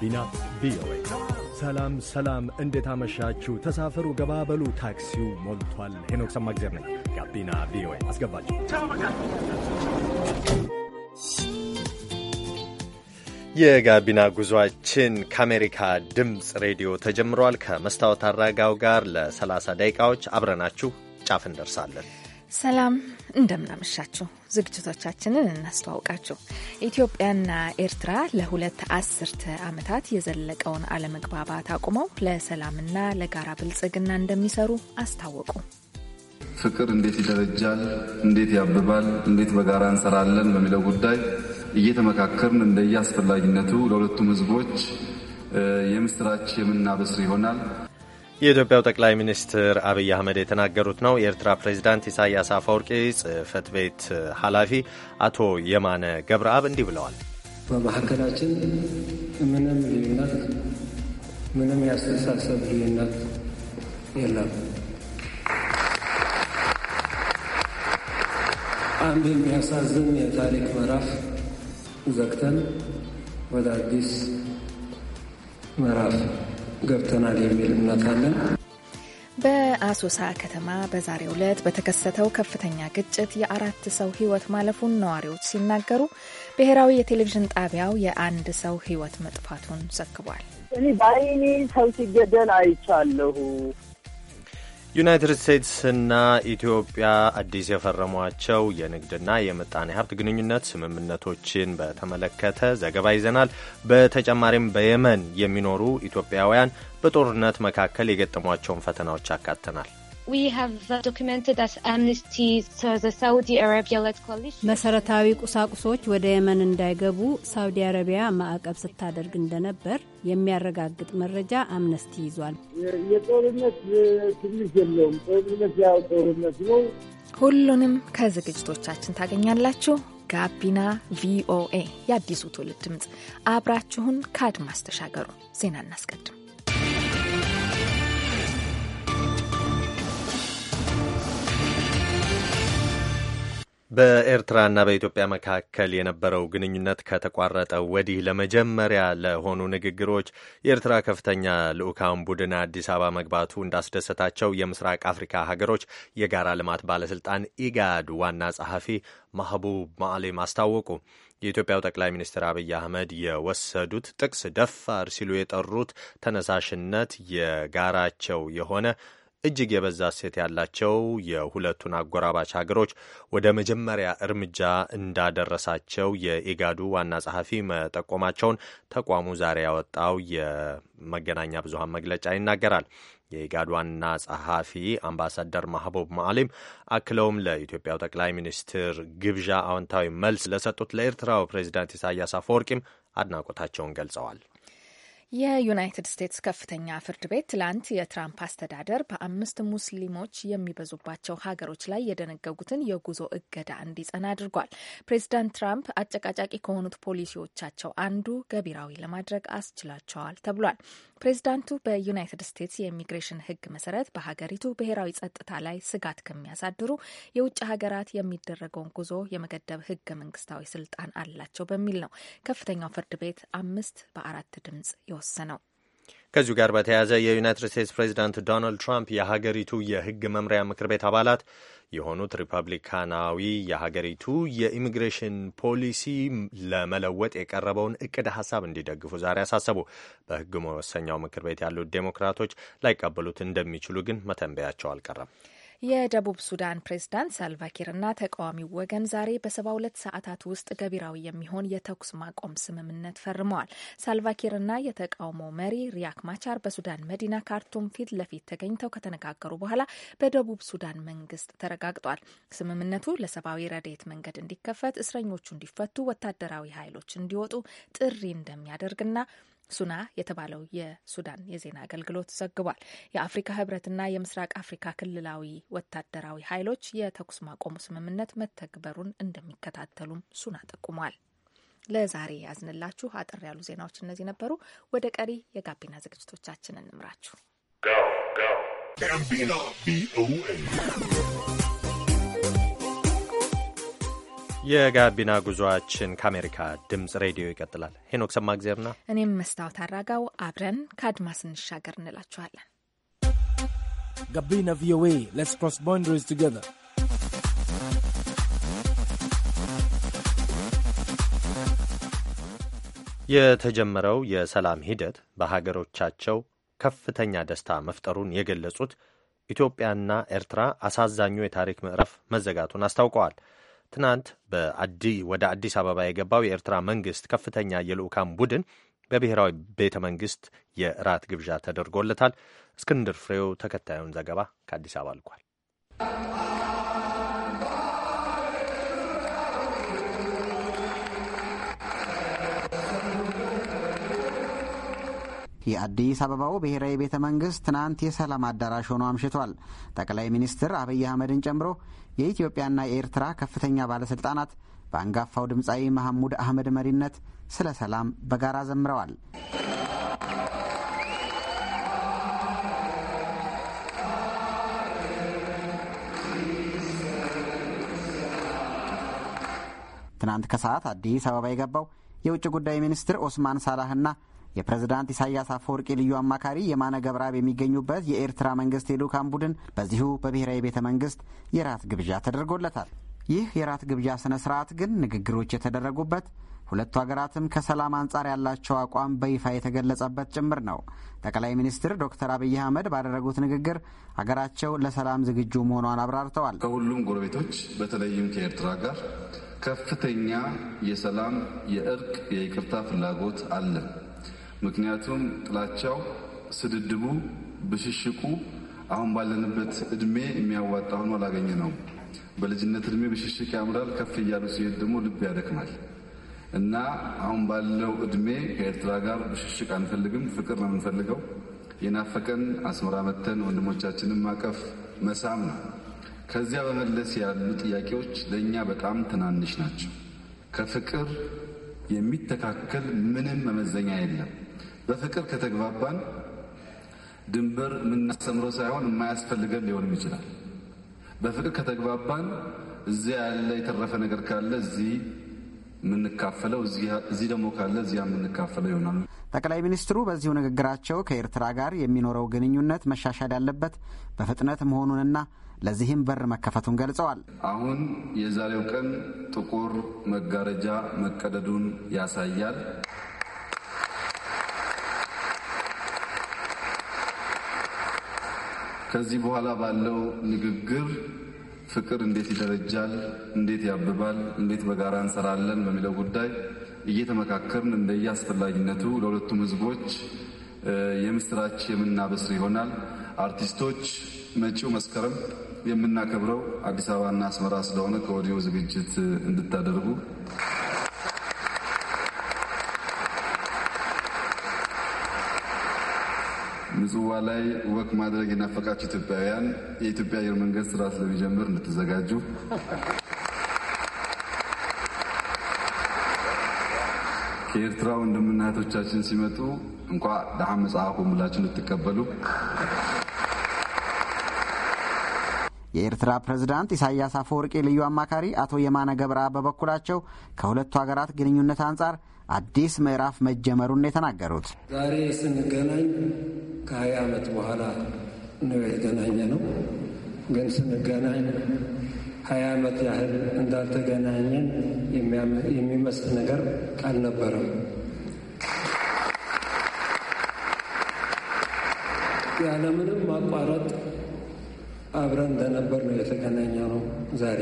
ጋቢና ቪኦኤ። ሰላም ሰላም፣ እንዴት አመሻችሁ? ተሳፈሩ፣ ገባበሉ፣ ታክሲው ሞልቷል። ሄኖክ ሰማግዜር ነኝ። ጋቢና ቪኦኤ አስገባችሁ። የጋቢና ጉዟችን ከአሜሪካ ድምፅ ሬዲዮ ተጀምሯል። ከመስታወት አራጋው ጋር ለ30 ደቂቃዎች አብረናችሁ ጫፍ እንደርሳለን። ሰላም እንደምናመሻችሁ። ዝግጅቶቻችንን እናስተዋውቃችሁ። ኢትዮጵያና ኤርትራ ለሁለት አስርተ ዓመታት የዘለቀውን አለመግባባት አቁመው ለሰላምና ለጋራ ብልጽግና እንደሚሰሩ አስታወቁ። ፍቅር እንዴት ይደረጃል፣ እንዴት ያብባል፣ እንዴት በጋራ እንሰራለን በሚለው ጉዳይ እየተመካከርን እንደየ አስፈላጊነቱ ለሁለቱም ህዝቦች የምስራች የምናበስር ይሆናል። የኢትዮጵያው ጠቅላይ ሚኒስትር አብይ አህመድ የተናገሩት ነው። የኤርትራ ፕሬዚዳንት ኢሳያስ አፈወርቂ ጽህፈት ቤት ኃላፊ አቶ የማነ ገብረአብ እንዲህ ብለዋል። በመካከላችን ምንም ልዩነት፣ ምንም ያስተሳሰብ ልዩነት የለም። አንድ የሚያሳዝን የታሪክ ምዕራፍ ዘግተን ወደ አዲስ ምዕራፍ ገብተናል የሚል እምነት አለን። በአሶሳ ከተማ በዛሬው ዕለት በተከሰተው ከፍተኛ ግጭት የአራት ሰው ሕይወት ማለፉን ነዋሪዎች ሲናገሩ ብሔራዊ የቴሌቪዥን ጣቢያው የአንድ ሰው ሕይወት መጥፋቱን ዘግቧል። እኔ በአይኔ ሰው ሲገደል አይቻለሁ። ዩናይትድ ስቴትስና ኢትዮጵያ አዲስ የፈረሟቸው የንግድና የምጣኔ ሀብት ግንኙነት ስምምነቶችን በተመለከተ ዘገባ ይዘናል። በተጨማሪም በየመን የሚኖሩ ኢትዮጵያውያን በጦርነት መካከል የገጠሟቸውን ፈተናዎች ያካተናል። መሰረታዊ ቁሳቁሶች ወደ የመን እንዳይገቡ ሳውዲ አረቢያ ማዕቀብ ስታደርግ እንደነበር የሚያረጋግጥ መረጃ አምነስቲ ይዟል። የጦርነት ትንሽ የለውም። ጦርነት ያው ጦርነት ነው። ሁሉንም ከዝግጅቶቻችን ታገኛላችሁ። ጋቢና ቪኦኤ፣ የአዲሱ ትውልድ ድምፅ። አብራችሁን ከአድማስ ተሻገሩ። ዜና እናስቀድም። በኤርትራና በኢትዮጵያ መካከል የነበረው ግንኙነት ከተቋረጠ ወዲህ ለመጀመሪያ ለሆኑ ንግግሮች የኤርትራ ከፍተኛ ልዑካን ቡድን አዲስ አበባ መግባቱ እንዳስደሰታቸው የምስራቅ አፍሪካ ሀገሮች የጋራ ልማት ባለስልጣን ኢጋድ ዋና ጸሐፊ ማህቡብ ማዕሊም አስታወቁ። የኢትዮጵያው ጠቅላይ ሚኒስትር አብይ አህመድ የወሰዱት ጥቅስ ደፋር ሲሉ የጠሩት ተነሳሽነት የጋራቸው የሆነ እጅግ የበዛ እሴት ያላቸው የሁለቱን አጎራባች ሀገሮች ወደ መጀመሪያ እርምጃ እንዳደረሳቸው የኢጋዱ ዋና ጸሐፊ መጠቆማቸውን ተቋሙ ዛሬ ያወጣው የመገናኛ ብዙሀን መግለጫ ይናገራል። የኢጋድ ዋና ጸሐፊ አምባሳደር ማህቡብ ማዕሊም አክለውም ለኢትዮጵያው ጠቅላይ ሚኒስትር ግብዣ አዎንታዊ መልስ ለሰጡት ለኤርትራው ፕሬዚዳንት ኢሳያስ አፈወርቂም አድናቆታቸውን ገልጸዋል። የዩናይትድ ስቴትስ ከፍተኛ ፍርድ ቤት ትላንት የትራምፕ አስተዳደር በአምስት ሙስሊሞች የሚበዙባቸው ሀገሮች ላይ የደነገጉትን የጉዞ እገዳ እንዲጸና አድርጓል። ፕሬዚዳንት ትራምፕ አጨቃጫቂ ከሆኑት ፖሊሲዎቻቸው አንዱ ገቢራዊ ለማድረግ አስችላቸዋል ተብሏል። ፕሬዚዳንቱ በዩናይትድ ስቴትስ የኢሚግሬሽን ሕግ መሰረት በሀገሪቱ ብሔራዊ ጸጥታ ላይ ስጋት ከሚያሳድሩ የውጭ ሀገራት የሚደረገውን ጉዞ የመገደብ ሕገ መንግስታዊ ስልጣን አላቸው በሚል ነው ከፍተኛው ፍርድ ቤት አምስት በአራት ድምጽ የወሰነው። ከዚሁ ጋር በተያያዘ የዩናይትድ ስቴትስ ፕሬዚዳንት ዶናልድ ትራምፕ የሀገሪቱ የሕግ መምሪያ ምክር ቤት አባላት የሆኑት ሪፐብሊካናዊ የሀገሪቱ የኢሚግሬሽን ፖሊሲ ለመለወጥ የቀረበውን እቅድ ሀሳብ እንዲደግፉ ዛሬ አሳሰቡ። በሕግ መወሰኛው ምክር ቤት ያሉት ዴሞክራቶች ላይቀበሉት እንደሚችሉ ግን መተንበያቸው አልቀረም። የደቡብ ሱዳን ፕሬዝዳንት ሳልቫኪርና ተቃዋሚው ወገን ዛሬ በሰባ ሁለት ሰዓታት ውስጥ ገቢራዊ የሚሆን የተኩስ ማቆም ስምምነት ፈርመዋል። ሳልቫኪርና የተቃውሞ መሪ ሪያክ ማቻር በሱዳን መዲና ካርቱም ፊት ለፊት ተገኝተው ከተነጋገሩ በኋላ በደቡብ ሱዳን መንግስት ተረጋግጧል። ስምምነቱ ለሰብአዊ ረድኤት መንገድ እንዲከፈት፣ እስረኞቹ እንዲፈቱ፣ ወታደራዊ ኃይሎች እንዲወጡ ጥሪ እንደሚያደርግና ሱና የተባለው የሱዳን የዜና አገልግሎት ዘግቧል። የአፍሪካ ህብረትና የምስራቅ አፍሪካ ክልላዊ ወታደራዊ ኃይሎች የተኩስ ማቆሙ ስምምነት መተግበሩን እንደሚከታተሉም ሱና ጠቁሟል። ለዛሬ ያዝንላችሁ አጠር ያሉ ዜናዎች እነዚህ ነበሩ። ወደ ቀሪ የጋቢና ዝግጅቶቻችን እንምራችሁ። የጋቢና ጉዞአችን ከአሜሪካ ድምፅ ሬዲዮ ይቀጥላል። ሄኖክ ሰማእግዜርና እኔም መስታወት አራጋው አብረን ከአድማስ እንሻገር እንላችኋለን። ጋቢና ቪኦኤ ሌትስ ክሮስ ቦንደሪስ ቱጌዘር የተጀመረው የሰላም ሂደት በሀገሮቻቸው ከፍተኛ ደስታ መፍጠሩን የገለጹት ኢትዮጵያና ኤርትራ አሳዛኙ የታሪክ ምዕራፍ መዘጋቱን አስታውቀዋል። ትናንት ወደ አዲስ አበባ የገባው የኤርትራ መንግስት ከፍተኛ የልዑካን ቡድን በብሔራዊ ቤተ መንግስት የእራት ግብዣ ተደርጎለታል። እስክንድር ፍሬው ተከታዩን ዘገባ ከአዲስ አበባ ልኳል። የአዲስ አበባው ብሔራዊ ቤተ መንግስት ትናንት የሰላም አዳራሽ ሆኖ አምሽቷል። ጠቅላይ ሚኒስትር አብይ አህመድን ጨምሮ የኢትዮጵያና የኤርትራ ከፍተኛ ባለስልጣናት በአንጋፋው ድምፃዊ መሐሙድ አህመድ መሪነት ስለ ሰላም በጋራ ዘምረዋል። ትናንት ከሰዓት አዲስ አበባ የገባው የውጭ ጉዳይ ሚኒስትር ኦስማን ሳላህና የፕሬዝዳንት ኢሳያስ አፈወርቂ ልዩ አማካሪ የማነ ገብረአብ የሚገኙበት የኤርትራ መንግስት የልዑካን ቡድን በዚሁ በብሔራዊ ቤተ መንግስት የራት ግብዣ ተደርጎለታል። ይህ የራት ግብዣ ስነ ስርዓት ግን ንግግሮች የተደረጉበት ሁለቱ ሀገራትም ከሰላም አንጻር ያላቸው አቋም በይፋ የተገለጸበት ጭምር ነው። ጠቅላይ ሚኒስትር ዶክተር አብይ አህመድ ባደረጉት ንግግር ሀገራቸው ለሰላም ዝግጁ መሆኗን አብራርተዋል። ከሁሉም ጎረቤቶች በተለይም ከኤርትራ ጋር ከፍተኛ የሰላም የእርቅ፣ የይቅርታ ፍላጎት አለን። ምክንያቱም ጥላቻው፣ ስድድቡ፣ ብሽሽቁ አሁን ባለንበት እድሜ የሚያዋጣ ሆኖ አላገኘ ነው። በልጅነት እድሜ ብሽሽቅ ያምራል፣ ከፍ እያሉ ሲሄድ ደግሞ ልብ ያደክማል እና አሁን ባለው እድሜ ከኤርትራ ጋር ብሽሽቅ አንፈልግም፣ ፍቅር ነው የምንፈልገው። የናፈቀን አስመራ መተን ወንድሞቻችንን ማቀፍ መሳም ነው። ከዚያ በመለስ ያሉ ጥያቄዎች ለእኛ በጣም ትናንሽ ናቸው። ከፍቅር የሚተካከል ምንም መመዘኛ የለም። በፍቅር ከተግባባን ድንበር የምናስተምረው ሳይሆን የማያስፈልገን ሊሆንም ይችላል። በፍቅር ከተግባባን እዚያ ያለ የተረፈ ነገር ካለ እዚህ የምንካፈለው እዚህ ደግሞ ካለ እዚያ የምንካፈለው ይሆናል። ጠቅላይ ሚኒስትሩ በዚሁ ንግግራቸው ከኤርትራ ጋር የሚኖረው ግንኙነት መሻሻል ያለበት በፍጥነት መሆኑንና ለዚህም በር መከፈቱን ገልጸዋል። አሁን የዛሬው ቀን ጥቁር መጋረጃ መቀደዱን ያሳያል። ከዚህ በኋላ ባለው ንግግር ፍቅር እንዴት ይደረጃል፣ እንዴት ያብባል፣ እንዴት በጋራ እንሰራለን በሚለው ጉዳይ እየተመካከርን እንደየ አስፈላጊነቱ ለሁለቱም ህዝቦች የምስራች የምናበስር ይሆናል። አርቲስቶች መጪው መስከረም የምናከብረው አዲስ አበባና አስመራ ስለሆነ ከወዲሁ ዝግጅት እንድታደርጉ ምጽዋ ላይ ወክ ማድረግ የናፈቃችሁ ኢትዮጵያውያን የኢትዮጵያ አየር መንገድ ስራ ስለሚጀምር እንድትዘጋጁ። ከኤርትራ ወንድምና እህቶቻችን ሲመጡ እንኳ ደሓ መጽሐፉ ብላችሁ እንድትቀበሉ። የኤርትራ ፕሬዝዳንት ኢሳያስ አፈወርቂ ልዩ አማካሪ አቶ የማነ ገብረአብ በበኩላቸው ከሁለቱ ሀገራት ግንኙነት አንጻር አዲስ ምዕራፍ መጀመሩን የተናገሩት ዛሬ ስንገናኝ ከሀያ ዓመት በኋላ ነው የተገናኘ ነው። ግን ስንገናኝ ሀያ ዓመት ያህል እንዳልተገናኘን የሚመስል ነገር አልነበረም። ያለምንም ማቋረጥ አብረን እንደነበር ነው የተገናኘ ነው። ዛሬ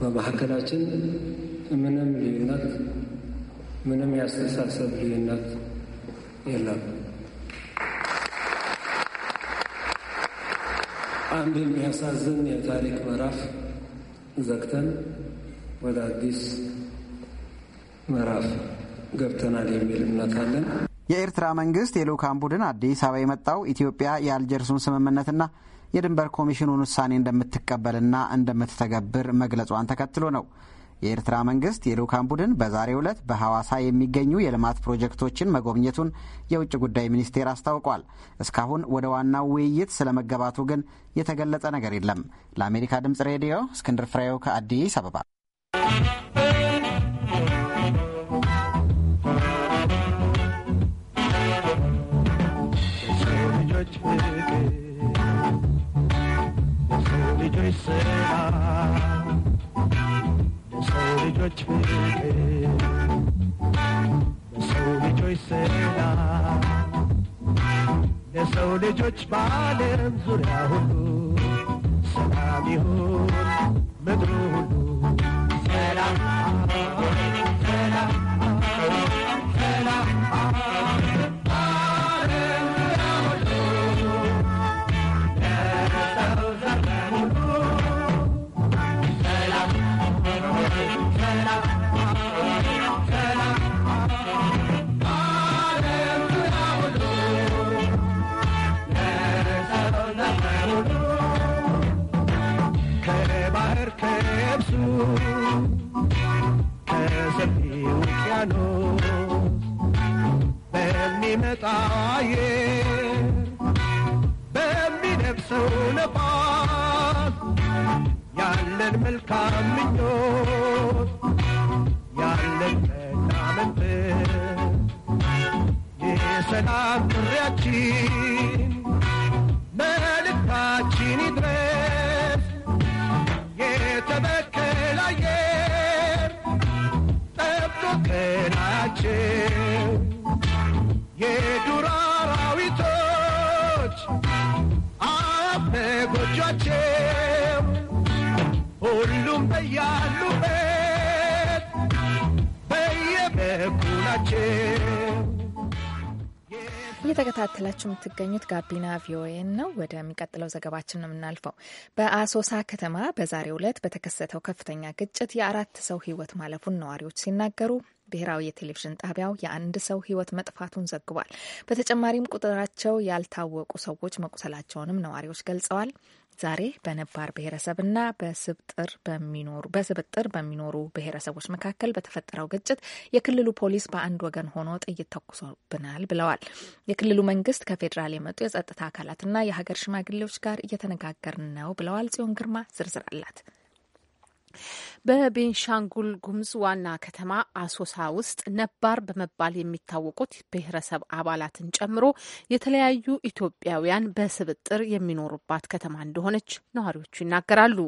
በመካከላችን ምንም ልዩነት፣ ምንም ያስተሳሰብ ልዩነት የለም። አንድ የሚያሳዝን የታሪክ ምዕራፍ ዘግተን ወደ አዲስ ምዕራፍ ገብተናል የሚል እምነት አለን። የኤርትራ መንግስት የልኡካን ቡድን አዲስ አበባ የመጣው ኢትዮጵያ የአልጀርሱን ስምምነትና የድንበር ኮሚሽኑን ውሳኔ እንደምትቀበልና እንደምትተገብር መግለጿን ተከትሎ ነው። የኤርትራ መንግስት የልኡካን ቡድን በዛሬው ዕለት በሐዋሳ የሚገኙ የልማት ፕሮጀክቶችን መጎብኘቱን የውጭ ጉዳይ ሚኒስቴር አስታውቋል። እስካሁን ወደ ዋናው ውይይት ስለ መገባቱ ግን የተገለጸ ነገር የለም። ለአሜሪካ ድምፅ ሬዲዮ እስክንድር ፍሬው ከአዲስ አበባ። i ልጆች ልጆች ሰላም ለሰው ልጆች በዓለም ዙሪያ ሁሉ ሰላም ይሁን ምድሩ ሁሉ ሰላም አየር በሚነፍሰው ነፋስ ያለን መልካም ምኞት ያለን መናመንት የሰላም ጥሪያችን መልእክታችን ይድረስ የተበከለ አየር ጠብቆ ቀናችን እየተከታተላችሁ የምትገኙት ጋቢና ቪኦኤን ነው። ወደሚቀጥለው ዘገባችን ነው የምናልፈው። በአሶሳ ከተማ በዛሬው ዕለት በተከሰተው ከፍተኛ ግጭት የአራት ሰው ሕይወት ማለፉን ነዋሪዎች ሲናገሩ ብሔራዊ የቴሌቪዥን ጣቢያው የአንድ ሰው ህይወት መጥፋቱን ዘግቧል። በተጨማሪም ቁጥራቸው ያልታወቁ ሰዎች መቁሰላቸውንም ነዋሪዎች ገልጸዋል። ዛሬ በነባር ብሔረሰብና በስብጥር በሚኖሩ ብሔረሰቦች መካከል በተፈጠረው ግጭት የክልሉ ፖሊስ በአንድ ወገን ሆኖ ጥይት ተኩሶብናል ብለዋል። የክልሉ መንግስት ከፌዴራል የመጡ የጸጥታ አካላትና የሀገር ሽማግሌዎች ጋር እየተነጋገርን ነው ብለዋል። ጽዮን ግርማ ዝርዝር አላት። በቤንሻንጉል ጉምዝ ዋና ከተማ አሶሳ ውስጥ ነባር በመባል የሚታወቁት ብሔረሰብ አባላትን ጨምሮ የተለያዩ ኢትዮጵያውያን በስብጥር የሚኖሩባት ከተማ እንደሆነች ነዋሪዎቹ ይናገራሉ።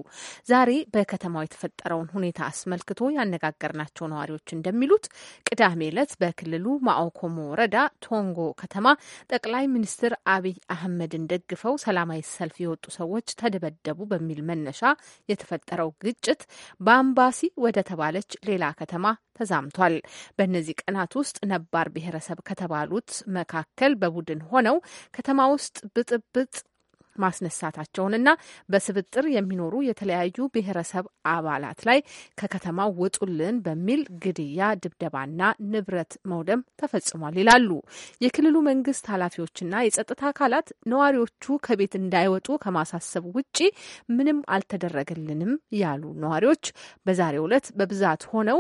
ዛሬ በከተማው የተፈጠረውን ሁኔታ አስመልክቶ ያነጋገርናቸው ነዋሪዎች እንደሚሉት ቅዳሜ ዕለት በክልሉ ማኦኮሞ ወረዳ ቶንጎ ከተማ ጠቅላይ ሚኒስትር አብይ አህመድን ደግፈው ሰላማዊ ሰልፍ የወጡ ሰዎች ተደበደቡ በሚል መነሻ የተፈጠረው ግጭት በአምባሲ ወደ ተባለች ሌላ ከተማ ተዛምቷል። በእነዚህ ቀናት ውስጥ ነባር ብሔረሰብ ከተባሉት መካከል በቡድን ሆነው ከተማ ውስጥ ብጥብጥ ማስነሳታቸውንና በስብጥር የሚኖሩ የተለያዩ ብሔረሰብ አባላት ላይ ከከተማው ውጡልን በሚል ግድያ፣ ድብደባና ንብረት መውደም ተፈጽሟል ይላሉ። የክልሉ መንግስት ኃላፊዎችና የጸጥታ አካላት ነዋሪዎቹ ከቤት እንዳይወጡ ከማሳሰብ ውጪ ምንም አልተደረገልንም ያሉ ነዋሪዎች በዛሬው ዕለት በብዛት ሆነው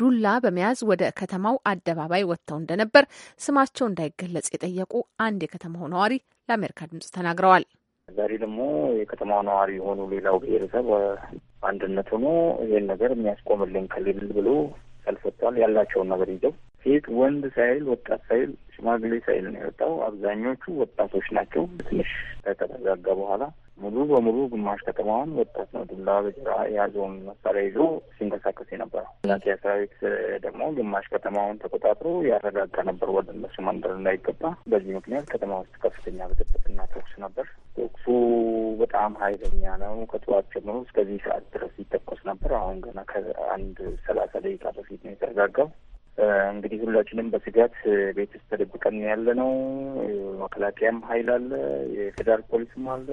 ዱላ በመያዝ ወደ ከተማው አደባባይ ወጥተው እንደነበር ስማቸው እንዳይገለጽ የጠየቁ አንድ የከተማው ነዋሪ ለአሜሪካ ድምጽ ተናግረዋል። ዛሬ ደግሞ የከተማው ነዋሪ የሆኑ ሌላው ብሔረሰብ በአንድነት ሆኖ ይህን ነገር የሚያስቆምልን ከሌል ብሎ ሰልፍ ወጥተዋል። ያላቸውን ነገር ይዘው ሴት ወንድ ሳይል ወጣት ሳይል ሽማግሌ ሳይል ነው የወጣው። አብዛኞቹ ወጣቶች ናቸው። ትንሽ ከተረጋጋ በኋላ ሙሉ በሙሉ ግማሽ ከተማውን ወጣት ነው ዱላ በጅራ የያዘውን መሳሪያ ይዞ ሲንቀሳቀስ የነበረው። መከላከያ ሰራዊት ደግሞ ግማሽ ከተማውን ተቆጣጥሮ ያረጋጋ ነበር ወደ እነሱ መንደር እንዳይገባ። በዚህ ምክንያት ከተማ ውስጥ ከፍተኛ ብጥብጥና ተኩስ ነበር። ተኩሱ በጣም ኃይለኛ ነው። ከጠዋት ጀምሮ እስከዚህ ሰዓት ድረስ ይተኮስ ነበር። አሁን ገና ከአንድ ሰላሳ ደቂቃ በፊት ነው የተረጋጋው። እንግዲህ ሁላችንም በስጋት ቤት ውስጥ ተደብቀን ያለ ነው። መከላከያም ኃይል አለ፣ የፌዴራል ፖሊስም አለ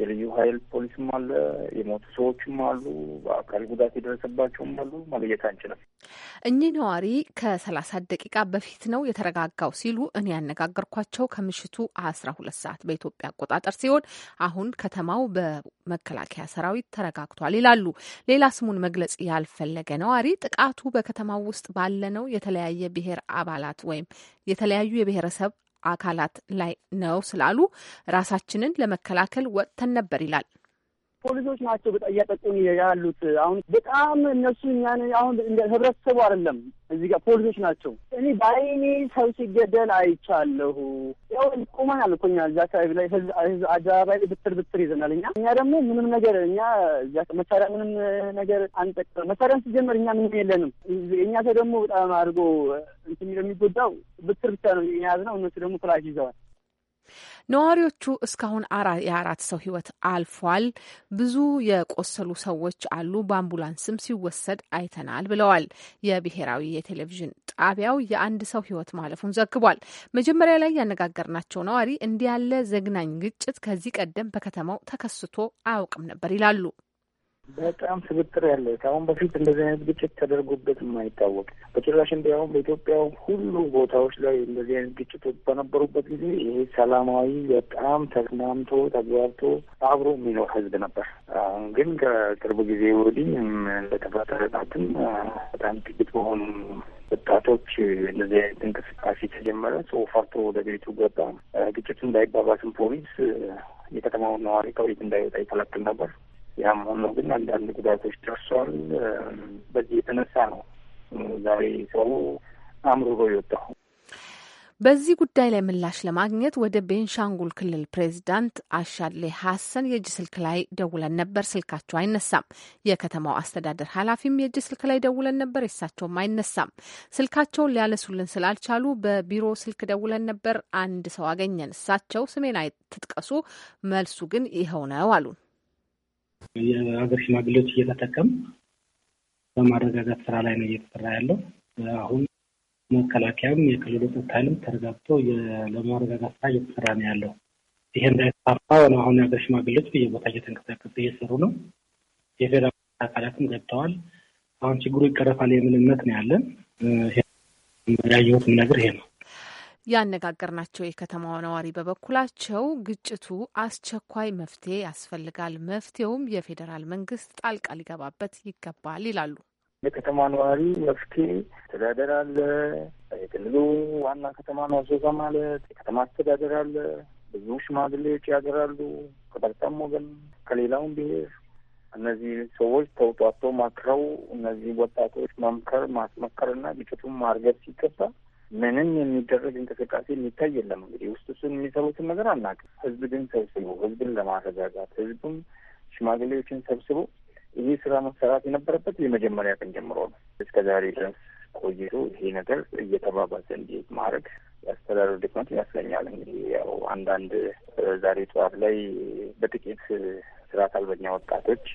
የልዩ ኃይል ፖሊስም አለ፣ የሞቱ ሰዎችም አሉ፣ በአካል ጉዳት የደረሰባቸውም አሉ። መለየት አንችልም። እኚህ ነዋሪ ከሰላሳ ደቂቃ በፊት ነው የተረጋጋው ሲሉ እኔ ያነጋገርኳቸው ከምሽቱ አስራ ሁለት ሰዓት በኢትዮጵያ አቆጣጠር ሲሆን አሁን ከተማው በመከላከያ ሰራዊት ተረጋግቷል ይላሉ። ሌላ ስሙን መግለጽ ያልፈለገ ነዋሪ ጥቃቱ በከተማው ውስጥ ባለ ነው የተለያየ ብሔር አባላት ወይም የተለያዩ የብሔረሰብ አካላት ላይ ነው ስላሉ ራሳችንን ለመከላከል ወጥተን ነበር ይላል። ፖሊሶች ናቸው እያጠቁን ያሉት። አሁን በጣም እነሱ እኛን አሁን ህብረተሰቡ አይደለም እዚህ ጋር ፖሊሶች ናቸው። እኔ በአይኔ ሰው ሲገደል አይቻለሁ። ያው ቁመን አልኮኛ እዛ አካባቢ ላይ አደባባይ ላይ ብትር ብትር ይዘናል። እኛ እኛ ደግሞ ምንም ነገር እኛ መሳሪያ ምንም ነገር አንጠቅም። መሳሪያን ሲጀመር እኛ ምንም የለንም። እኛ ሰው ደግሞ በጣም አድርጎ እንትን የሚጎዳው ብትር ብቻ ነው የያዝነው። እነሱ ደግሞ ፍላሽ ይዘዋል። ነዋሪዎቹ እስካሁን የአራት ሰው ሕይወት አልፏል፣ ብዙ የቆሰሉ ሰዎች አሉ፣ በአምቡላንስም ሲወሰድ አይተናል ብለዋል። የብሔራዊ የቴሌቪዥን ጣቢያው የአንድ ሰው ሕይወት ማለፉን ዘግቧል። መጀመሪያ ላይ ያነጋገርናቸው ነዋሪ እንዲህ ያለ ዘግናኝ ግጭት ከዚህ ቀደም በከተማው ተከስቶ አያውቅም ነበር ይላሉ። በጣም ስብጥር ያለው ከአሁን በፊት እንደዚህ አይነት ግጭት ተደርጎበት የማይታወቅ በጭራሽ እንዲያውም በኢትዮጵያ ሁሉ ቦታዎች ላይ እንደዚህ አይነት ግጭቶች በነበሩበት ጊዜ ይሄ ሰላማዊ በጣም ተስማምቶ ተግባብቶ አብሮ የሚኖር ህዝብ ነበር። አሁን ግን ከቅርብ ጊዜ ወዲህ እንደተፈጠረታትም በጣም ጥቂት በሆኑ ወጣቶች እንደዚህ አይነት እንቅስቃሴ ተጀመረ። ሰው ፈርቶ ወደ ቤቱ ገባ። ግጭቱ እንዳይባባስም ፖሊስ የከተማውን ነዋሪ ከቤት እንዳይወጣ ይከለክል ነበር። ያም ሆኖ ግን አንዳንድ ጉዳቶች ደርሷል። በዚህ የተነሳ ነው ዛሬ ሰው አምርሮ የወጣው። በዚህ ጉዳይ ላይ ምላሽ ለማግኘት ወደ ቤንሻንጉል ክልል ፕሬዚዳንት አሻሌ ሀሰን የእጅ ስልክ ላይ ደውለን ነበር። ስልካቸው አይነሳም። የከተማው አስተዳደር ኃላፊም የእጅ ስልክ ላይ ደውለን ነበር። የሳቸውም አይነሳም። ስልካቸውን ሊያነሱልን ስላልቻሉ በቢሮ ስልክ ደውለን ነበር። አንድ ሰው አገኘን። እሳቸው ስሜን አትጥቀሱ፣ መልሱ ግን ይኸው ነው አሉን። የሀገር ሽማግሌዎች እየተጠቀም በማረጋጋት ስራ ላይ ነው እየተሰራ ያለው። አሁን መከላከያም የክልሉ ጸጥታ ኃይልም ተረጋግቶ ለማረጋጋት ስራ እየተሰራ ነው ያለው። ይሄ እንዳይስፋፋ አሁን የሀገር ሽማግሌዎች በየቦታ እየተንቀሳቀሱ እየሰሩ ነው። የፌደራል አካላትም ገብተዋል። አሁን ችግሩ ይቀረፋል የምልነት ነው ያለን። ያየሁትም ነገር ይሄ ነው። ያነጋገርናቸው የከተማው ነዋሪ በበኩላቸው ግጭቱ አስቸኳይ መፍትሄ ያስፈልጋል፣ መፍትሄውም የፌዴራል መንግስት ጣልቃ ሊገባበት ይገባል ይላሉ። የከተማ ነዋሪ መፍትሄ አስተዳደር አለ። የክልሉ ዋና ከተማ ነው አሶሳ ማለት። የከተማ አስተዳደር አለ። ብዙ ሽማግሌዎች ያገራሉ፣ ከበርታም ወገን ከሌላውም ብሄር እነዚህ ሰዎች ተውጧቶ ማክረው እነዚህ ወጣቶች መምከር ማስመከርና ግጭቱን ማርገብ ሲገባ ምንም የሚደረግ እንቅስቃሴ የሚታይ የለም። እንግዲህ ውስጥ እሱን የሚሰሩትን ነገር አናውቅም። ህዝብ ግን ሰብስቦ ህዝብን ለማረጋጋት ህዝቡም ሽማግሌዎችን ሰብስቦ ይሄ ስራ መሰራት የነበረበት የመጀመሪያ ቀን ጀምሮ ነው። እስከ ዛሬ ድረስ ቆይቶ ይሄ ነገር እየተባባሰ እንዴት ማድረግ የአስተዳደሩ ድክመት ይመስለኛል። እንግዲህ ያው አንዳንድ ዛሬ ጠዋት ላይ በጥቂት ስርዓት አልበኛ ወጣቶች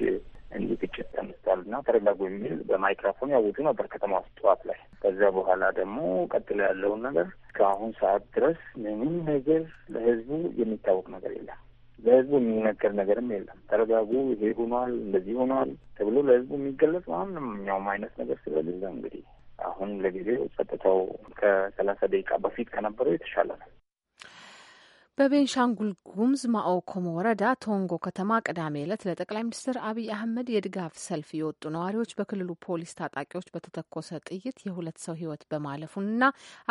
እንዲህ ግጭት ተነስቷል እና ተረጋጉ የሚል በማይክራፎን ያወጡ ነበር ከተማ ውስጥ ጠዋት ላይ። ከዚያ በኋላ ደግሞ ቀጥሎ ያለውን ነገር ከአሁን ሰዓት ድረስ ምንም ነገር ለህዝቡ የሚታወቅ ነገር የለም። ለህዝቡ የሚነገር ነገርም የለም። ተረጋጉ፣ ይሄ ሆኗል፣ እንደዚህ ሆኗል ተብሎ ለህዝቡ የሚገለጽ ማንኛውም አይነት ነገር ስለሌለ እንግዲህ አሁን ለጊዜው ጸጥታው ከሰላሳ ደቂቃ በፊት ከነበረው የተሻለ ነው። በቤንሻንጉል ጉሙዝ ማኦኮሞ ወረዳ ቶንጎ ከተማ ቅዳሜ ዕለት ለጠቅላይ ሚኒስትር አብይ አህመድ የድጋፍ ሰልፍ የወጡ ነዋሪዎች በክልሉ ፖሊስ ታጣቂዎች በተተኮሰ ጥይት የሁለት ሰው ሕይወት በማለፉንና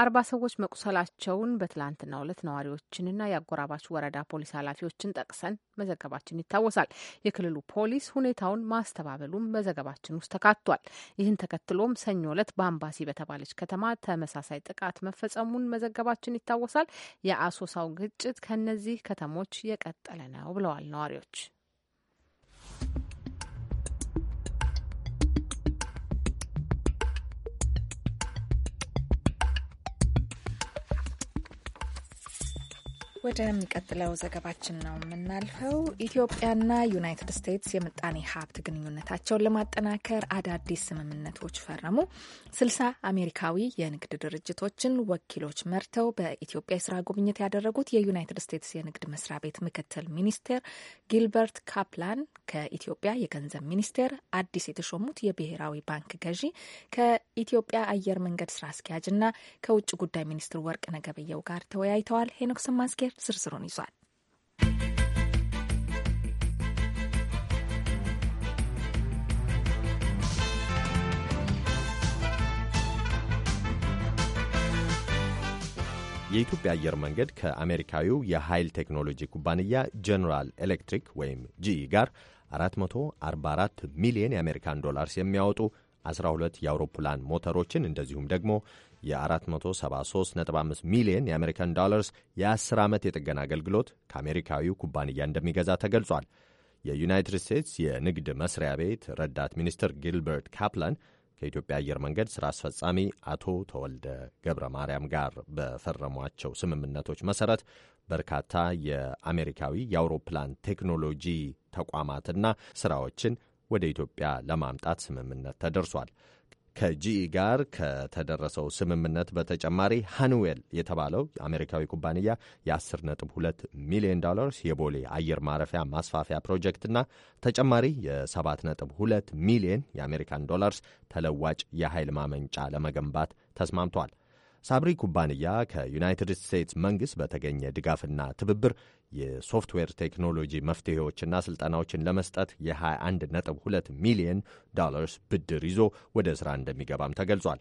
አርባ ሰዎች መቁሰላቸውን በትላንትናው ዕለት ነዋሪዎችንና የአጎራባች ወረዳ ፖሊስ ኃላፊዎችን ጠቅሰን መዘገባችን ይታወሳል። የክልሉ ፖሊስ ሁኔታውን ማስተባበሉም በዘገባችን ውስጥ ተካቷል። ይህን ተከትሎም ሰኞ ዕለት በአምባሲ በተባለች ከተማ ተመሳሳይ ጥቃት መፈጸሙን መዘገባችን ይታወሳል። የአሶሳው ግጭት ከነዚህ ከተሞች የቀጠለ ነው ብለዋል ነዋሪዎች። ወደሚቀጥለው ዘገባችን ነው የምናልፈው። ኢትዮጵያና ዩናይትድ ስቴትስ የምጣኔ ሀብት ግንኙነታቸውን ለማጠናከር አዳዲስ ስምምነቶች ፈረሙ። ስልሳ አሜሪካዊ የንግድ ድርጅቶችን ወኪሎች መርተው በኢትዮጵያ የስራ ጉብኝት ያደረጉት የዩናይትድ ስቴትስ የንግድ መስሪያ ቤት ምክትል ሚኒስቴር ጊልበርት ካፕላን ከኢትዮጵያ የገንዘብ ሚኒስቴር፣ አዲስ የተሾሙት የብሔራዊ ባንክ ገዢ፣ ከኢትዮጵያ አየር መንገድ ስራ አስኪያጅ ከውጭ ጉዳይ ሚኒስትር ወርቅነህ ገበየሁ ጋር ተወያይተዋል። ሄኖክ ሰማስጌር ዝርዝሩን ይዟል። የኢትዮጵያ አየር መንገድ ከአሜሪካዊው የኃይል ቴክኖሎጂ ኩባንያ ጄኔራል ኤሌክትሪክ ወይም ጂኢ ጋር 444 ሚሊዮን የአሜሪካን ዶላርስ የሚያወጡ 12 የአውሮፕላን ሞተሮችን እንደዚሁም ደግሞ የ473.5 ሚሊዮን የአሜሪካን ዶላርስ የ10 ዓመት የጥገና አገልግሎት ከአሜሪካዊው ኩባንያ እንደሚገዛ ተገልጿል። የዩናይትድ ስቴትስ የንግድ መስሪያ ቤት ረዳት ሚኒስትር ጊልበርት ካፕላን ከኢትዮጵያ አየር መንገድ ሥራ አስፈጻሚ አቶ ተወልደ ገብረ ማርያም ጋር በፈረሟቸው ስምምነቶች መሠረት በርካታ የአሜሪካዊ የአውሮፕላን ቴክኖሎጂ ተቋማትና ሥራዎችን ወደ ኢትዮጵያ ለማምጣት ስምምነት ተደርሷል። ከጂኢ ጋር ከተደረሰው ስምምነት በተጨማሪ ሃንዌል የተባለው አሜሪካዊ ኩባንያ የ10.2 ሚሊዮን ዶላርስ የቦሌ አየር ማረፊያ ማስፋፊያ ፕሮጀክትና ተጨማሪ የ7.2 ሚሊዮን የአሜሪካን ዶላርስ ተለዋጭ የኃይል ማመንጫ ለመገንባት ተስማምቷል። ሳብሪ ኩባንያ ከዩናይትድ ስቴትስ መንግሥት በተገኘ ድጋፍና ትብብር የሶፍትዌር ቴክኖሎጂ መፍትሄዎችና ስልጠናዎችን ለመስጠት የ21.2 ሚሊዮን ዶላርስ ብድር ይዞ ወደ ሥራ እንደሚገባም ተገልጿል።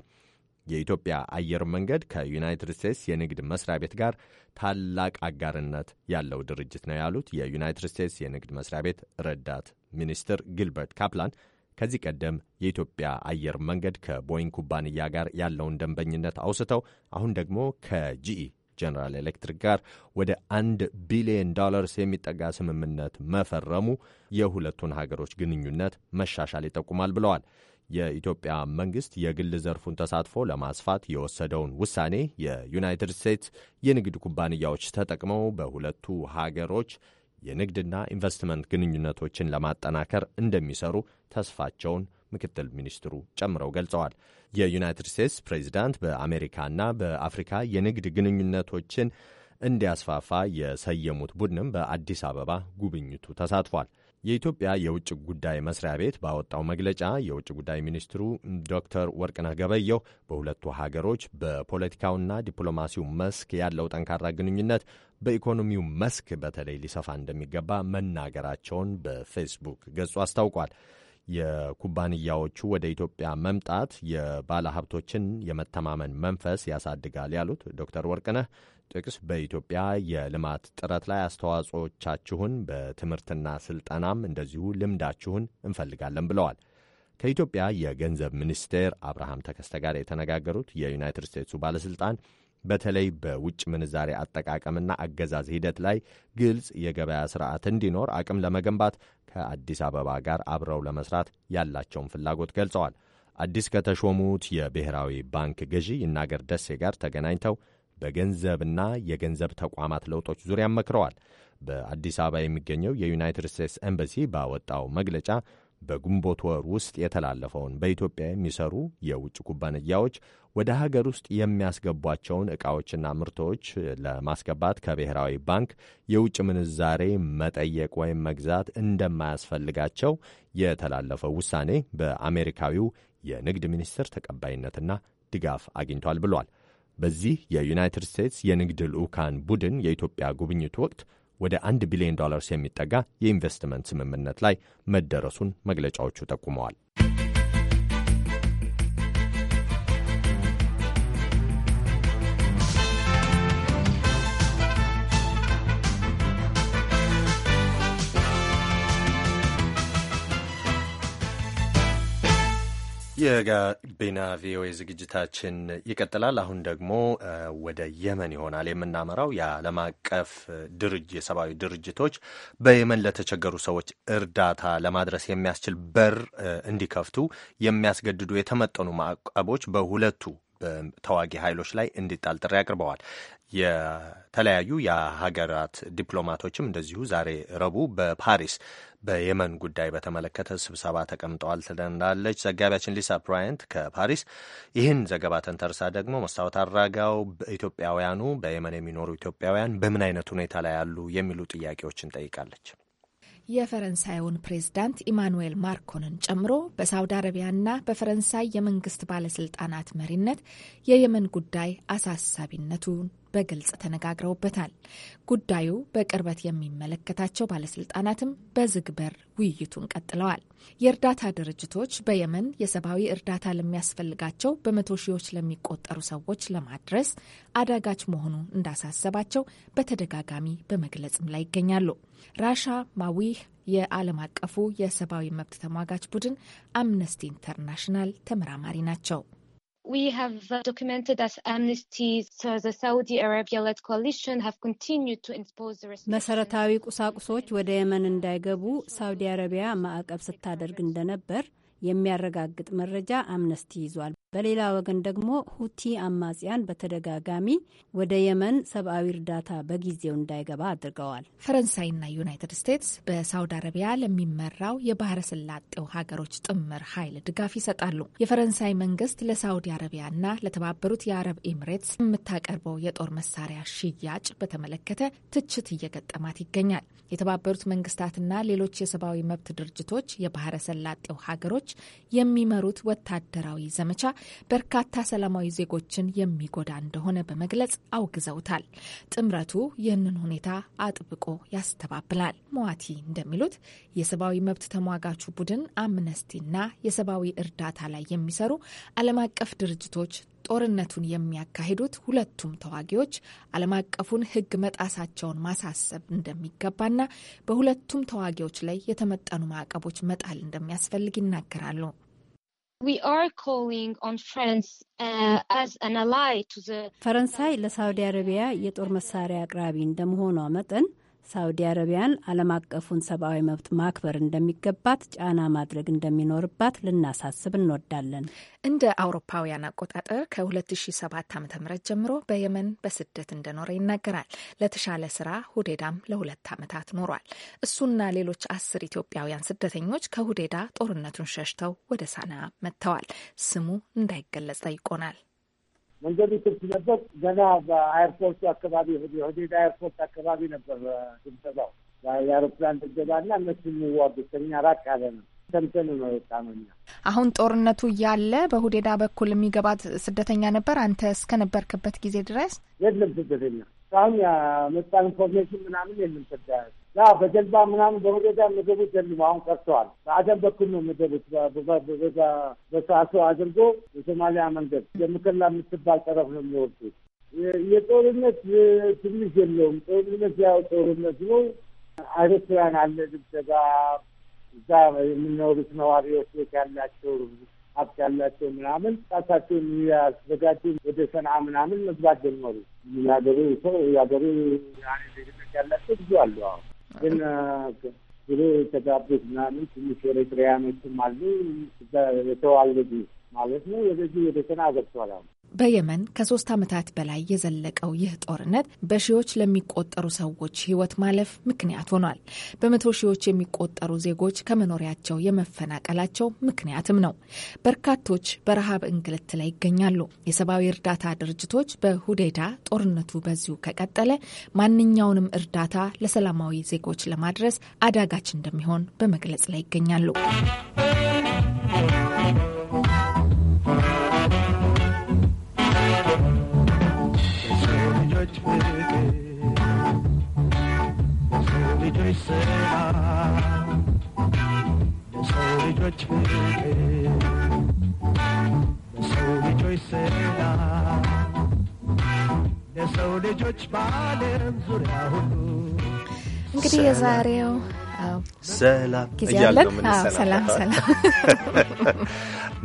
የኢትዮጵያ አየር መንገድ ከዩናይትድ ስቴትስ የንግድ መስሪያ ቤት ጋር ታላቅ አጋርነት ያለው ድርጅት ነው ያሉት የዩናይትድ ስቴትስ የንግድ መስሪያ ቤት ረዳት ሚኒስትር ጊልበርት ካፕላን ከዚህ ቀደም የኢትዮጵያ አየር መንገድ ከቦይንግ ኩባንያ ጋር ያለውን ደንበኝነት አውስተው አሁን ደግሞ ከጂኢ ጀነራል ኤሌክትሪክ ጋር ወደ አንድ ቢሊዮን ዶላርስ የሚጠጋ ስምምነት መፈረሙ የሁለቱን ሀገሮች ግንኙነት መሻሻል ይጠቁማል ብለዋል። የኢትዮጵያ መንግስት የግል ዘርፉን ተሳትፎ ለማስፋት የወሰደውን ውሳኔ የዩናይትድ ስቴትስ የንግድ ኩባንያዎች ተጠቅመው በሁለቱ ሀገሮች የንግድና ኢንቨስትመንት ግንኙነቶችን ለማጠናከር እንደሚሰሩ ተስፋቸውን ምክትል ሚኒስትሩ ጨምረው ገልጸዋል። የዩናይትድ ስቴትስ ፕሬዚዳንት በአሜሪካና በአፍሪካ የንግድ ግንኙነቶችን እንዲያስፋፋ የሰየሙት ቡድንም በአዲስ አበባ ጉብኝቱ ተሳትፏል። የኢትዮጵያ የውጭ ጉዳይ መስሪያ ቤት ባወጣው መግለጫ የውጭ ጉዳይ ሚኒስትሩ ዶክተር ወርቅነህ ገበየሁ በሁለቱ ሀገሮች በፖለቲካውና ዲፕሎማሲው መስክ ያለው ጠንካራ ግንኙነት በኢኮኖሚው መስክ በተለይ ሊሰፋ እንደሚገባ መናገራቸውን በፌስቡክ ገጹ አስታውቋል። የኩባንያዎቹ ወደ ኢትዮጵያ መምጣት የባለሀብቶችን የመተማመን መንፈስ ያሳድጋል ያሉት ዶክተር ወርቅነህ ጥቅስ በኢትዮጵያ የልማት ጥረት ላይ አስተዋጽኦቻችሁን በትምህርትና ስልጠናም እንደዚሁ ልምዳችሁን እንፈልጋለን ብለዋል። ከኢትዮጵያ የገንዘብ ሚኒስቴር አብርሃም ተከስተ ጋር የተነጋገሩት የዩናይትድ ስቴትሱ ባለሥልጣን በተለይ በውጭ ምንዛሬ አጠቃቀምና አገዛዝ ሂደት ላይ ግልጽ የገበያ ስርዓት እንዲኖር አቅም ለመገንባት ከአዲስ አበባ ጋር አብረው ለመስራት ያላቸውን ፍላጎት ገልጸዋል። አዲስ ከተሾሙት የብሔራዊ ባንክ ገዢ ይናገር ደሴ ጋር ተገናኝተው በገንዘብና የገንዘብ ተቋማት ለውጦች ዙሪያ መክረዋል። በአዲስ አበባ የሚገኘው የዩናይትድ ስቴትስ ኤምባሲ ባወጣው መግለጫ በግንቦት ወር ውስጥ የተላለፈውን በኢትዮጵያ የሚሰሩ የውጭ ኩባንያዎች ወደ ሀገር ውስጥ የሚያስገቧቸውን ዕቃዎችና ምርቶች ለማስገባት ከብሔራዊ ባንክ የውጭ ምንዛሬ መጠየቅ ወይም መግዛት እንደማያስፈልጋቸው የተላለፈው ውሳኔ በአሜሪካዊው የንግድ ሚኒስቴር ተቀባይነትና ድጋፍ አግኝቷል ብሏል። በዚህ የዩናይትድ ስቴትስ የንግድ ልዑካን ቡድን የኢትዮጵያ ጉብኝት ወቅት ወደ አንድ ቢሊዮን ዶላርስ የሚጠጋ የኢንቨስትመንት ስምምነት ላይ መደረሱን መግለጫዎቹ ጠቁመዋል። የጋቢና ቪኦኤ ዝግጅታችን ይቀጥላል። አሁን ደግሞ ወደ የመን ይሆናል የምናመራው። የዓለም አቀፍ ድርጅ የሰብአዊ ድርጅቶች በየመን ለተቸገሩ ሰዎች እርዳታ ለማድረስ የሚያስችል በር እንዲከፍቱ የሚያስገድዱ የተመጠኑ ማዕቀቦች በሁለቱ ተዋጊ ኃይሎች ላይ እንዲጣል ጥሪ አቅርበዋል። የተለያዩ የሀገራት ዲፕሎማቶችም እንደዚሁ ዛሬ ረቡዕ በፓሪስ በየመን ጉዳይ በተመለከተ ስብሰባ ተቀምጠዋል ትለናለች ዘጋቢያችን ሊሳ ብራያንት ከፓሪስ። ይህን ዘገባ ተንተርሳ ደግሞ መስታወት አራጋው ኢትዮጵያውያኑ በየመን የሚኖሩ ኢትዮጵያውያን በምን አይነት ሁኔታ ላይ ያሉ የሚሉ ጥያቄዎችን ጠይቃለች። የፈረንሳዩን ፕሬዝዳንት ኢማኑኤል ማርኮንን ጨምሮ በሳውዲ አረቢያና በፈረንሳይ የመንግስት ባለስልጣናት መሪነት የየመን ጉዳይ አሳሳቢነቱን በግልጽ ተነጋግረውበታል። ጉዳዩ በቅርበት የሚመለከታቸው ባለስልጣናትም በዝግ በር ውይይቱን ቀጥለዋል። የእርዳታ ድርጅቶች በየመን የሰብአዊ እርዳታ ለሚያስፈልጋቸው በመቶ ሺዎች ለሚቆጠሩ ሰዎች ለማድረስ አዳጋች መሆኑ እንዳሳሰባቸው በተደጋጋሚ በመግለጽም ላይ ይገኛሉ። ራሻ ማዊህ የዓለም አቀፉ የሰብአዊ መብት ተሟጋች ቡድን አምነስቲ ኢንተርናሽናል ተመራማሪ ናቸው። We have documented as Amnesty the Saudi Arabia-led coalition have continued to impose the መሰረታዊ ቁሳቁሶች ወደ የመን እንዳይገቡ ሳውዲ አረቢያ ማዕቀብ ስታደርግ እንደነበር የሚያረጋግጥ መረጃ አምነስቲ ይዟል። በሌላ ወገን ደግሞ ሁቲ አማጽያን በተደጋጋሚ ወደ የመን ሰብአዊ እርዳታ በጊዜው እንዳይገባ አድርገዋል። ፈረንሳይና ዩናይትድ ስቴትስ በሳውዲ አረቢያ ለሚመራው የባህረ ስላጤው ሀገሮች ጥምር ኃይል ድጋፍ ይሰጣሉ። የፈረንሳይ መንግስት ለሳውዲ አረቢያና ለተባበሩት የአረብ ኤምሬትስ የምታቀርበው የጦር መሳሪያ ሽያጭ በተመለከተ ትችት እየገጠማት ይገኛል። የተባበሩት መንግስታትና ሌሎች የሰብአዊ መብት ድርጅቶች የባህረ ሰላጤው ሀገሮች የሚመሩት ወታደራዊ ዘመቻ በርካታ ሰላማዊ ዜጎችን የሚጎዳ እንደሆነ በመግለጽ አውግዘውታል። ጥምረቱ ይህንን ሁኔታ አጥብቆ ያስተባብላል። መዋቲ እንደሚሉት የሰብአዊ መብት ተሟጋቹ ቡድን አምነስቲና የሰብአዊ እርዳታ ላይ የሚሰሩ ዓለም አቀፍ ድርጅቶች ጦርነቱን የሚያካሂዱት ሁለቱም ተዋጊዎች ዓለም አቀፉን ሕግ መጣሳቸውን ማሳሰብ እንደሚገባና በሁለቱም ተዋጊዎች ላይ የተመጠኑ ማዕቀቦች መጣል እንደሚያስፈልግ ይናገራሉ። ፈረንሳይ ለሳዑዲ አረቢያ የጦር መሳሪያ አቅራቢ እንደመሆኗ መጠን ሳውዲ አረቢያን ዓለም አቀፉን ሰብአዊ መብት ማክበር እንደሚገባት ጫና ማድረግ እንደሚኖርባት ልናሳስብ እንወዳለን። እንደ አውሮፓውያን አቆጣጠር ከ2007 ዓ.ም ጀምሮ በየመን በስደት እንደኖረ ይናገራል። ለተሻለ ስራ ሁዴዳም ለሁለት ዓመታት ኖሯል። እሱና ሌሎች አስር ኢትዮጵያውያን ስደተኞች ከሁዴዳ ጦርነቱን ሸሽተው ወደ ሳና መጥተዋል። ስሙ እንዳይገለጽ ጠይቆናል። መንገዱ ክፍት ነበር። ገና በአየርፖርቱ አካባቢ ሆዴዳ አየርፖርት አካባቢ ነበር ድብደባው የአውሮፕላን ድብደባ እና እነሱ የሚዋጉት ከኛ ራቅ ያለ ነው። ሰምተን ነው የወጣ አሁን ጦርነቱ እያለ በሁዴዳ በኩል የሚገባት ስደተኛ ነበር። አንተ እስከነበርክበት ጊዜ ድረስ የለም ስደተኛ እስካሁን ያመጣ ኢንፎርሜሽን ምናምን የለም። ስዳያት ያ በጀልባ ምናምን በመደዳ ምግቦች የሉም። አሁን ቀርተዋል። በአደን በኩል ነው ምግቦች በዛ በሰዓቱ አድርጎ የሶማሊያ መንገድ የምከላ የምትባል ጠረፍ ነው የሚወርዱት። የጦርነት ትንሽ የለውም። ጦርነት ያው ጦርነት ነው። አይሮፕላን አለ ድብደባ እዛ የምንኖሩት ነዋሪዎች ቤት ያላቸው ሀብት ያላቸው ምናምን ጣሳቸውን ያዘጋጁ ወደ ሰንዓ ምናምን መግባት ጀመሩ። የሀገሬ ሰው የሀገሬ ዜግነት ያላቸው ብዙ አሉ። አሁን ግን ብሎ የተጋቡት ምናምን ትንሽ ኤርትራውያኖችም አሉ የተዋለዱ ማለት ነው። ወደዚህ ወደ ተናገርተዋል። በየመን ከሶስት ዓመታት በላይ የዘለቀው ይህ ጦርነት በሺዎች ለሚቆጠሩ ሰዎች ሕይወት ማለፍ ምክንያት ሆኗል። በመቶ ሺዎች የሚቆጠሩ ዜጎች ከመኖሪያቸው የመፈናቀላቸው ምክንያትም ነው። በርካቶች በረሃብ እንግልት ላይ ይገኛሉ። የሰብአዊ እርዳታ ድርጅቶች በሁዴዳ ጦርነቱ በዚሁ ከቀጠለ ማንኛውንም እርዳታ ለሰላማዊ ዜጎች ለማድረስ አዳጋች እንደሚሆን በመግለጽ ላይ ይገኛሉ። ልጆች ስራ ልጆች ለሰው ልጆች በዓለም ዙሪያ ሁሉ እንግዲህ የዛሬው ሰላም እያልን ሰላም ሰላም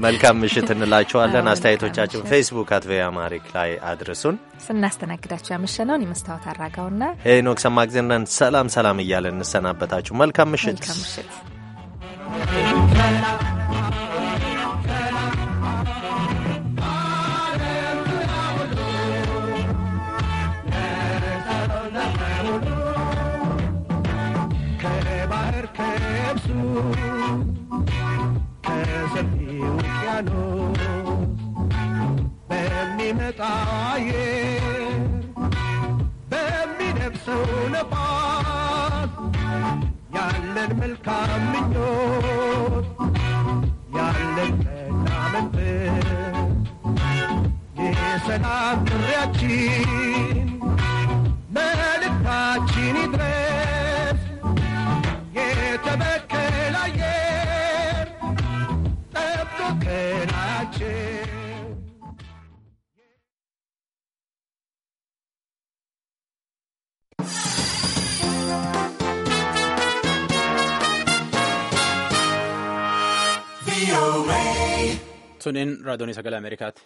መልካም ምሽት እንላችኋለን። አስተያየቶቻችን ፌስቡክ አት ቪኦኤ አማሪክ ላይ አድርሱን። ስናስተናግዳችሁ ያመሸነውን የመስታወት አራጋውና ሄኖክ ሰማግዜነን ሰላም ሰላም እያለን እንሰናበታችሁ። መልካም ምሽት። ከሰፊ ውቅያኖስ በሚመጣ አየር በሚነፍሰው ነፋስ ያለን መልካም ምኞት ያለን ቀና መንፈስ የሰላም ጥሪያችን መልእክታችን ይድረስ የተበ Suniin raadiyoonii sagalee amerikaati.